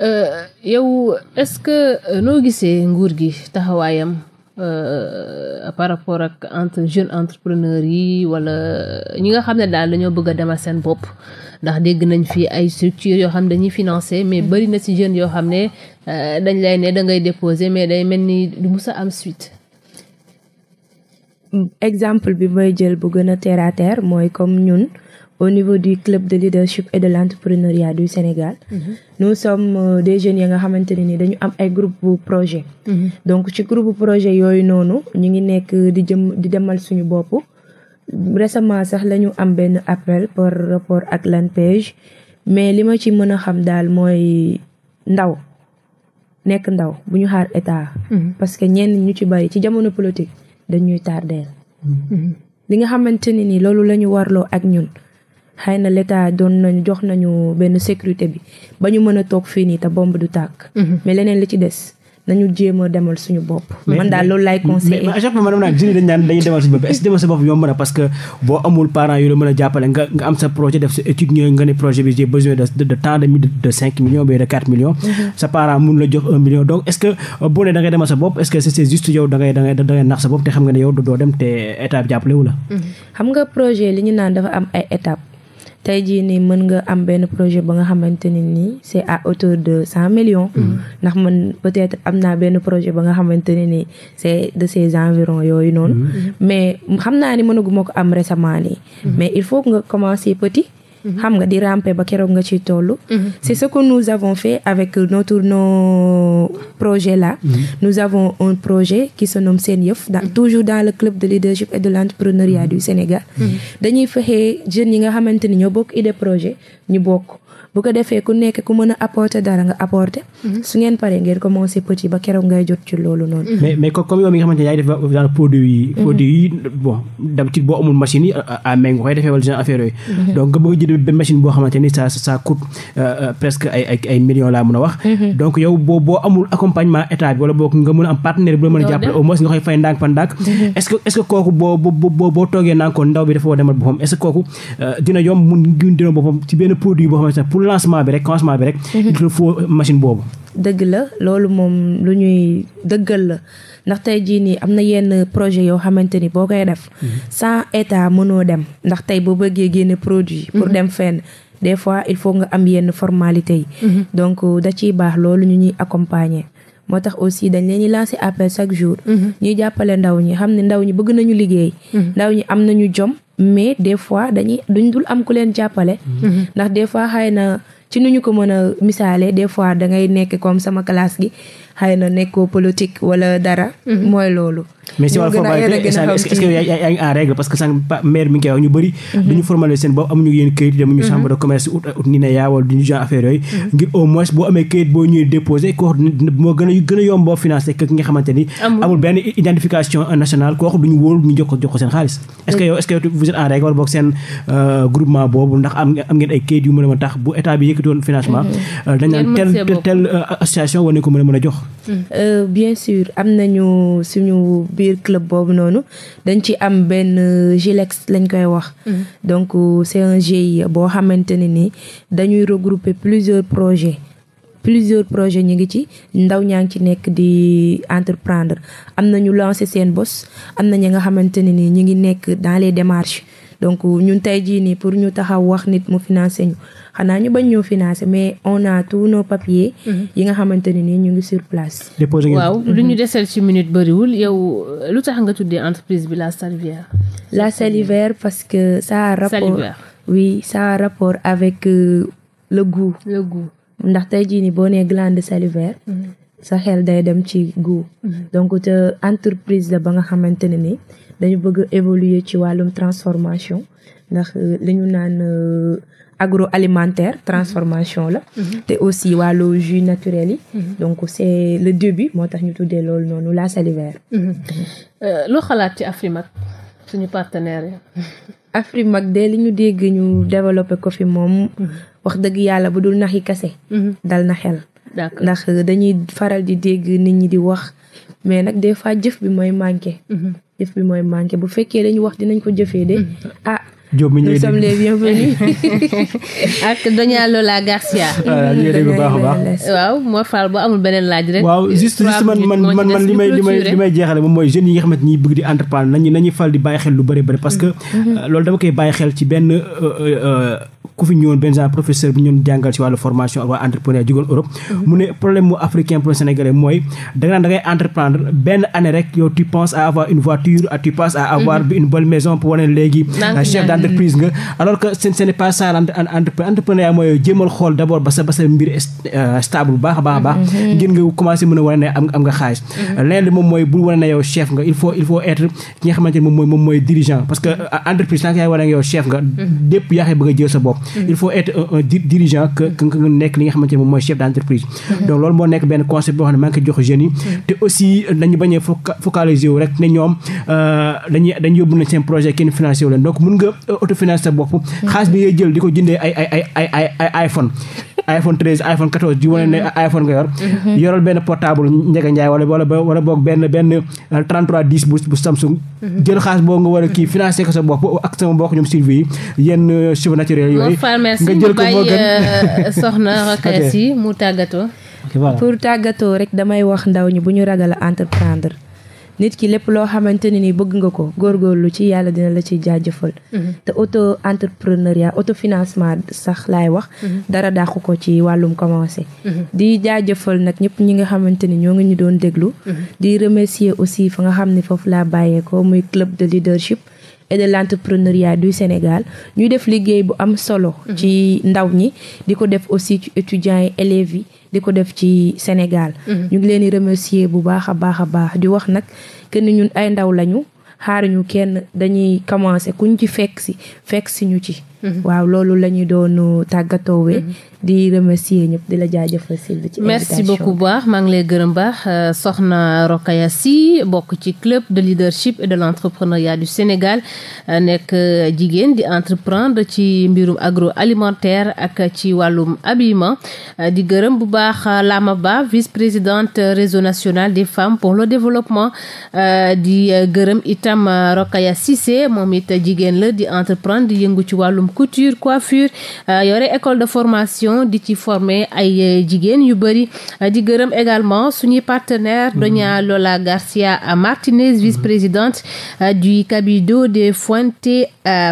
[SPEAKER 1] Euh, yow est-ce que euh, noo gisee nguur gi taxawaayam. Euh, par rapport ak entre jeune entrepreneur yi wala ñi nga xam ne daal dañoo bëgg a demal seen bopp ndax dégg nañ fi ay structure yoo xam ne dañuy financé mais bari na ci jeunes yoo xam ne euh, dañ lay ne da ngay déposer mais day mel ni du musa am suite.
[SPEAKER 3] exemple bi mooy jël bu gën a terre à mooy comme ñun. au niveau du club de leadership et de l'entrepreneuriat du Sénégal. Mm -hmm. nous euh, des jeunes yi nga xamante ne ni dañu am ay groupe projet. Mhm. donc ci groupe projet yooyu noonu ñu ngi nekk di jëm di demal suñu bopp. récemment sax lañu am benn appel par rapport ak l'ANPEJ mais li ma ci mën a xam daal mooy ndaw nekk ndaw bu ñu xaar état. Mhm. parce que ñenn ñu ci bari ci jamono politique dañuy tardeel mhm. li nga xamante ne loolu la warloo ak ñun. xëy na l'état doon nañu jox nañu benn sécurité bi ba ñu mën a toog fii nii te bomb du tàkk. Mhm. mais leneen li ci des nañu jéem demal suñu bopp. man daal loolu laay conseillé. mais à la xam nga projet li ñu naan dafa am ay étapes tey jii nii mën nga am benn projet ba nga xamante ne nii c'est à hauteur de cent millions. Mm-hmm. ndax mën peut-être am naa benn projet ba nga xamante ne nii c'est de ces environs yooyu noonu. Mm-hmm. mais xam naa ni mënaguma ko am récemment nii. Mm-hmm. mais il faut nga commencer petit. xam nga di ramper ba keroog nga ci toll. c'est ce que nous avons fait avec notre nos projets là. nous avons un projet qui se nomme Seen Yëf. dans toujours dans le club de leadership et de l'entrepreneuriat du Sénégal. Mm-hmm. dañuy fexe jeunes yi nga xamante ñoo bokk idée projet ñu bokk. bu ko defee ku nekk ku mën a apporter dara nga apporter. Mhm. su ngeen paree ngeen commencé petit ba keroog ngay jot ci loolu noonu. Mhm.
[SPEAKER 2] mais a kooku euh, dina yomb mun dina boppam ci benn produit boo xamante pour lancement bi rek commencement bi rek. Mhm. il machine boobu.
[SPEAKER 3] dëgg la loolu moom lu ñuy dëggal la ndax tey jii nii am na yenn projet yoo xamante ni boo koy def. Mhm. sans état mënoo dem ndax tey boo bëggee génne produit. pour mhm. dem fenn. des fois il faut nga am yenn formalité yi mm -hmm. da ciy baax loolu ñu ñuy accompagner moo tax aussi dañ leen di lancer appel chaque jour ñuy jàppale ndaw ñi xam ne ndaw ñi bëgg nañu liggéey ndaw ñi am nañu jom mais des fois dañuy duñ dul am ku leen jàppale. Mm-hmm. ndax des fois xëy na ci nu ñu ko mën a misaalee des fois da ngay nekk comme sama classe gi xëy na nekkoo politique wala dara. Mm-hmm. mooy loolu. mais si wàllu formalité est-ce en
[SPEAKER 2] règle parce que sànq maire mi ngi wax ñu bëri mhm. duñu formaliser seen bopp amuñu yéen këyit demuñu mhm. chambre de commerce ut ut ne yaa wala duñu genre affaire yooyu mhm. ngir au moins boo amee këyit boo ñëwee déposé ko xamante ni amul benn identification nationale ko wax duñu wóolu ñu jox ko jox seen xaalis est-ce que yow est-ce que vous êtes en règle wala boog seen euh, groupement boobu ndax am am ngeen ay këyit yu mën
[SPEAKER 3] a tax biir club boobu noonu dañ ci am benn euh, gilex lañ koy wax mm. donc euh, c'est un GIE boo xamante ne ni dañuy regrouper plusieurs projets plusieurs projets ñu ngi ci ndaw ñaa ngi ci nekk di entreprendre am na ñu lancer seen bos am na ñi nga xamante ne ni ñu ngi nekk dans les démarches donc ñun tey jii nii pour ñu taxaw wax nit mu financé ñu xanaa ñu bañ ñoo financé mais on a tous nos papiers. Mm-hmm. yi nga xamante ne nii ñu ngi sur place.
[SPEAKER 1] waaw lu ñu mm-hmm. desal ci minute bëriwul yow lu tax nga tuddee entreprise bi la Salivière.
[SPEAKER 3] la Salivière parce que ça a rapport oui ça rapport avec euh, le goût. ndax tey jii nii boo nee glande salivaire. Mm-hmm. sa xel day dem ci goût. donc te entreprise la ba nga xamante ne ni. dañu bëgg évoluer ci wàllum transformation ndax euh, li ñu naan euh, agro alimentaire transformation la mm-hmm. Mm-hmm. te aussi wàllu jus naturel yi mm-hmm. donc c'est le début moo tax ñu tuddee loolu noonu laa la Saliver
[SPEAKER 1] euh, loo xalaat ci Afrimat suñu partenaire yi Afrimat
[SPEAKER 3] de li ñu dégg ñu développé ko fi moom wax dëgg yàlla bu dul naxi kase dal na xel ndax dañuy faral di dégg nit ñi di wax mais nag des fois jëf bi mooy manqué jëf bi mooy manqué bu fekkee dañu wax dinañ ko jëfee de ah
[SPEAKER 2] Diop mi nous sommes les
[SPEAKER 1] bienvenus ak Doña Lola Garcia. Ah, ñu ngi bu
[SPEAKER 2] baax a baax. waaw
[SPEAKER 1] moo faal boo amul beneen laaj rek. waaw juste man
[SPEAKER 2] man man man li may li may li may jeexale moom mooy jeunes yi nga xamante ni bëgg di entreprendre nañu nañu fal di bàyyi xel lu bëri bëri parce que mm-hmm. loolu dama koy bàyyi xel ci benn. Euh, euh, euh, ku fi ñëwoon benn genre professeur bu ñoon jàngal ci wàllu formation waa entrepreneur jógoon Europe mhm. mu ne problème mu africain problème sénégalais mooy da nga mhm. nga alors que mooy jéemal xool d'abord ba sa ba sa mbir euh, stable baax a baax a baax mhm. ngir nga commencé mën a wane ne am nga xaalis leneen li moom mooy bul wane ne yow chef nga il faut il faut être ki nga xamante moom mooy moom mooy dirigeant parce que euh, entreprise tant yaay wane nga lépp yaa a bopp il faut être un euh, euh, dirigeant que que nga nekk li nga xamante ne moom mooy chef d'entreprise mhm. donc loolu moo nekk benn concept boo xam ne maa ngi koy jox jeunes yi mhm. te aussi nañu bañ a focaliser wu rek ne ñoom euh, dañuy dañu yóbbu nañ seen projet kenn financé wu leen donc mun nga autofinancer sa bopp mhm. xaalis bi ngay jël di ko jëndee ay ay ay ay ay iPhone iPhone 13 iPhone 14 di wane ne iPhone nga yor yoral benn portable njega njaay wala wala wala boog benn benn 3310 bu bu Samsung jël xaalis boo nga war a kii financé ko sa bopp ak sama mbokk ñoom Sylvie yi yenn cheveux naturels yooyu Modou Fall merci bàyyi euh, soxna Rokhaya Sy
[SPEAKER 3] mu tàggatoo. pour tàggatoo rek damay wax ndaw ñi bu ñu ragal a entreprendre. nit ki lépp loo xamante ne ni bëgg nga ko góorgóorlu ci yàlla dina la ci jaajëfal. Mhm. te auto auto financement sax laay wax. Mhm. dara dàqu ko ci wàllum commencé. Mhm. di jaajëfal nag ñëpp ñi nga xamante ni ñoo ngi ñu doon déglu. di remercier aussi fa nga xam ne foofu laa bàyyeekoo muy club de leadership. et de l'entrepreneuriat du Sénégal ñuy def liggéey bu am solo ci ndaw ñi di ko def aussi ci étudiants yi élèves yi di ko def ci Sénégal mhm. ñu ngi leen di remercier bu baax a baax a baax di wax nag que ni ñun ay ndaw lañu xaaruñu kenn dañuy ku kuñ ci fekk si fekk si ñu ci Mm-hmm. waaw loolu la ñu doon tàggatoowee. Mm-hmm. di remercier ñëpp di la jaajëfal Sylvie ci merci beaucoup
[SPEAKER 1] baax maa ngi lay gërëm baax euh, soxna Rokhaya si bokk ci club de leadership et de l'entrepreneuriat du Sénégal euh, nekk euh, jigéen di entreprendre ci mbirum agroalimentaire ak ci wàllum habillement di gërëm bu baax Lama Ba vice-présidente réseau national des femmes pour le développement di gërëm itam Rokhaya Cissé moom it jigéen la di entreprendre di yëngu ci wàllum couture coiffure euh, yore école de formation di ci former ay euh, jigéen yu bëri euh, di gërëm également suñuy partenaire mhm. Doña Lola Garcia Martinez vice-présidente du Cabildo de Fuente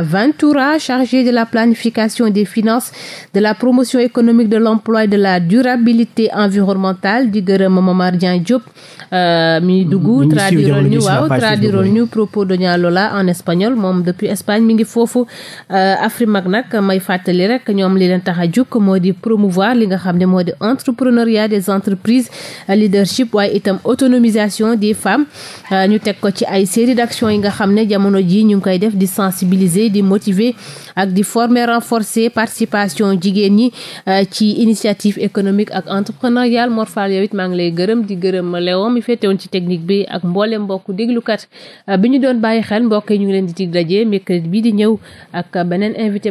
[SPEAKER 1] Ventura chargée de la planification des finances de la promotion économique de l'emploi et de la durabilité environnementale di gërëm Momar Dieng Diop mi mhm. dugg traduiral ñu waaw traduiral ñu propos Doña Lola en espagnol moom depuis Espagne mi ngi mag nag may fàttali rek ñoom li leen tax a jukk di promouvoir li nga xam ne moo di entrepreneuriat des entreprises leadership waaye itam autonomisation des femmes euh, ñu teg ko ci ay série d'actions yi nga xam ne jamono ji ñu ngi koy def di sensibiliser di motiver ak di former renforcer participation jigéen ñi euh, ci initiative économique ak entrepreneurial Mor Fall yow it maa ngi lay gërëm di gërëm Léon mi féetewoon ci technique bi ak mboolem mbokk déglukat euh, bi ñu doon bàyyi xel mbokk yi ñu ngi leen di dig daje mercredi bii di ñëw ak beneen invité.